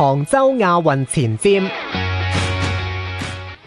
杭州亞運前瞻，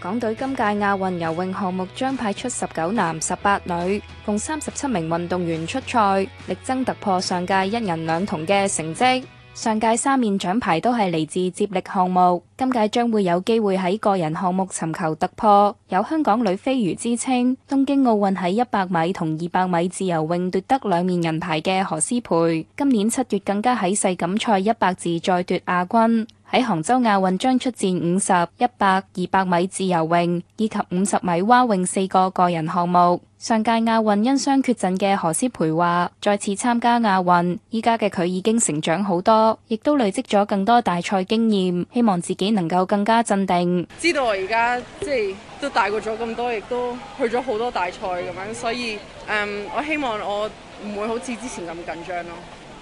港隊今屆亞運游泳項目將派出十九男十八女，共三十七名運動員出賽，力爭突破上屆一銀兩銅嘅成績。上屆三面獎牌都係嚟自接力項目，今屆將會有機會喺個人項目尋求突破。有香港女飛魚之稱，東京奧運喺一百米同二百米自由泳奪得兩面銀牌嘅何詩蓓，今年七月更加喺世錦賽一百自再奪亞軍。喺杭州亞運將出戰五十、一百、二百米自由泳以及五十米蛙泳，四個個人項目。上屆亞運因傷缺陣嘅何詩蓓話，再次參加亞運，依家嘅佢已經成長好多，亦都累積咗更多大賽經驗，希望自己能夠更加鎮定。知道我而家即係都大過咗咁多，亦都去咗好多大賽咁樣，所以，um, 我希望我唔會好似之前咁緊張咯。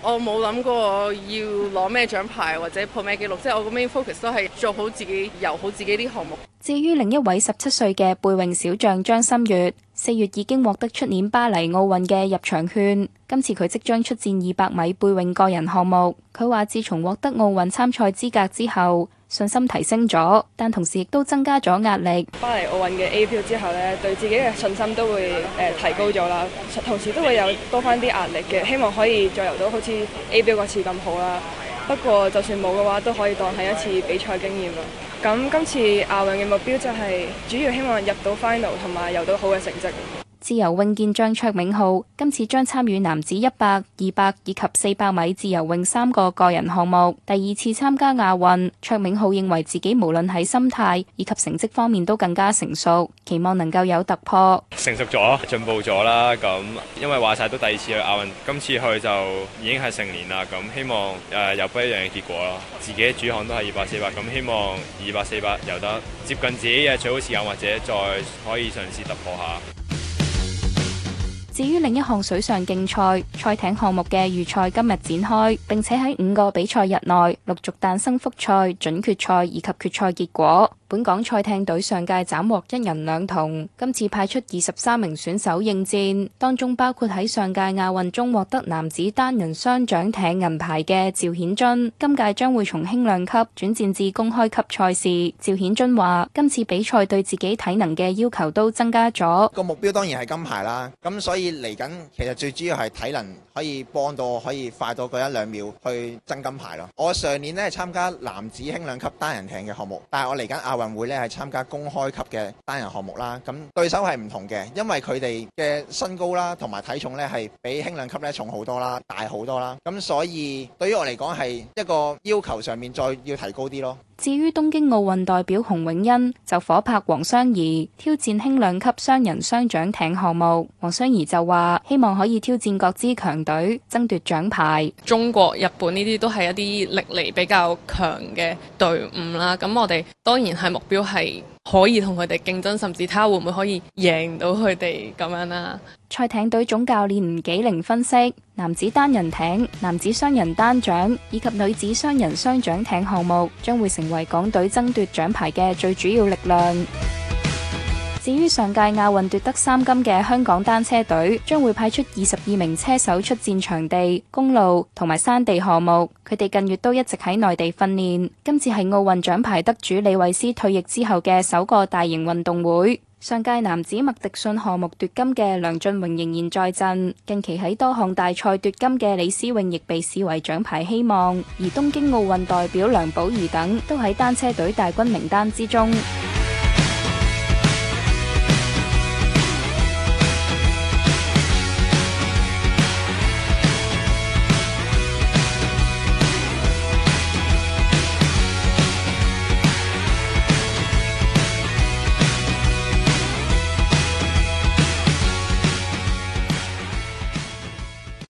我冇諗過要攞咩獎牌或者破咩紀錄，即係我個咩 focus 都係做好自己，游好自己啲項目。至於另一位十七歲嘅背泳小將張心悅，四月已經獲得出年巴黎奧運嘅入場券，今次佢即將出戰二百米背泳個人項目。佢話：自從獲得奧運參賽資格之後。信心提升咗，但同時亦都增加咗壓力。巴黎奧運嘅 A 標之後呢，對自己嘅信心都會誒、呃、提高咗啦，同時都會有多返啲壓力嘅。希望可以再游到好似 A 標嗰次咁好啦。不過就算冇嘅話，都可以當係一次比賽經驗啦。咁今次亞運嘅目標就係主要希望入到 final 同埋游到好嘅成績。自由泳健將卓銘浩今次將參與男子一百、二百以及四百米自由泳三個個人項目。第二次參加亞運，卓銘浩認為自己無論喺心態以及成績方面都更加成熟，期望能夠有突破。成熟咗，進步咗啦。咁因為話晒都第二次去亞運，今次去就已經係成年啦。咁希望誒、呃、有不一樣嘅結果咯。自己主項都係二百四百，咁希望二百四百有得接近自己嘅最好時間，或者再可以嘗試突破下。至於另一項水上競賽，賽艇項目嘅預賽今日展開，並且喺五個比賽日內陸續誕生複賽、準決賽以及決賽結果。本港賽艇隊上屆斬獲一銀兩銅，今次派出二十三名選手應戰，當中包括喺上屆亞運中獲得男子單人雙槳艇銀牌嘅趙顯臻，今屆將會從輕量級轉戰至公開級賽事。趙顯臻話：今次比賽對自己體能嘅要求都增加咗，個目標當然係金牌啦。咁所以嚟緊其實最主要係體能可以幫到，可以快到嗰一兩秒去爭金牌咯。我上年呢參加男子輕量級單人艇嘅項目，但係我嚟緊亞運。運會呢係參加公開級嘅單人項目啦，咁對手係唔同嘅，因為佢哋嘅身高啦同埋體重呢係比輕量級呢重好多啦、大好多啦，咁所以對於我嚟講係一個要求上面再要提高啲囉。至於東京奧運代表洪永恩就火拍黃雙怡挑戰輕量級雙人雙槳艇項目，黃雙怡就話希望可以挑戰各支強隊，爭奪獎牌。中國、日本呢啲都係一啲歷嚟比較強嘅隊伍啦，咁我哋當然係目標係。可以同佢哋競爭，甚至他會唔會可以贏到佢哋咁樣啦？賽艇隊總教練吳紀玲分析，男子單人艇、男子雙人單槳以及女子雙人雙槳艇項目將會成為港隊爭奪獎牌嘅最主要力量。至於上屆亞運奪得三金嘅香港單車隊，將會派出二十二名車手出戰場地、公路同埋山地項目。佢哋近月都一直喺內地訓練。今次係奧運獎牌得主李慧詩退役之後嘅首個大型運動會。上屆男子麥迪遜項目奪金嘅梁俊榮仍然在陣。近期喺多項大賽奪金嘅李思穎亦被視為獎牌希望。而東京奧運代表梁寶儀等都喺單車隊大軍名單之中。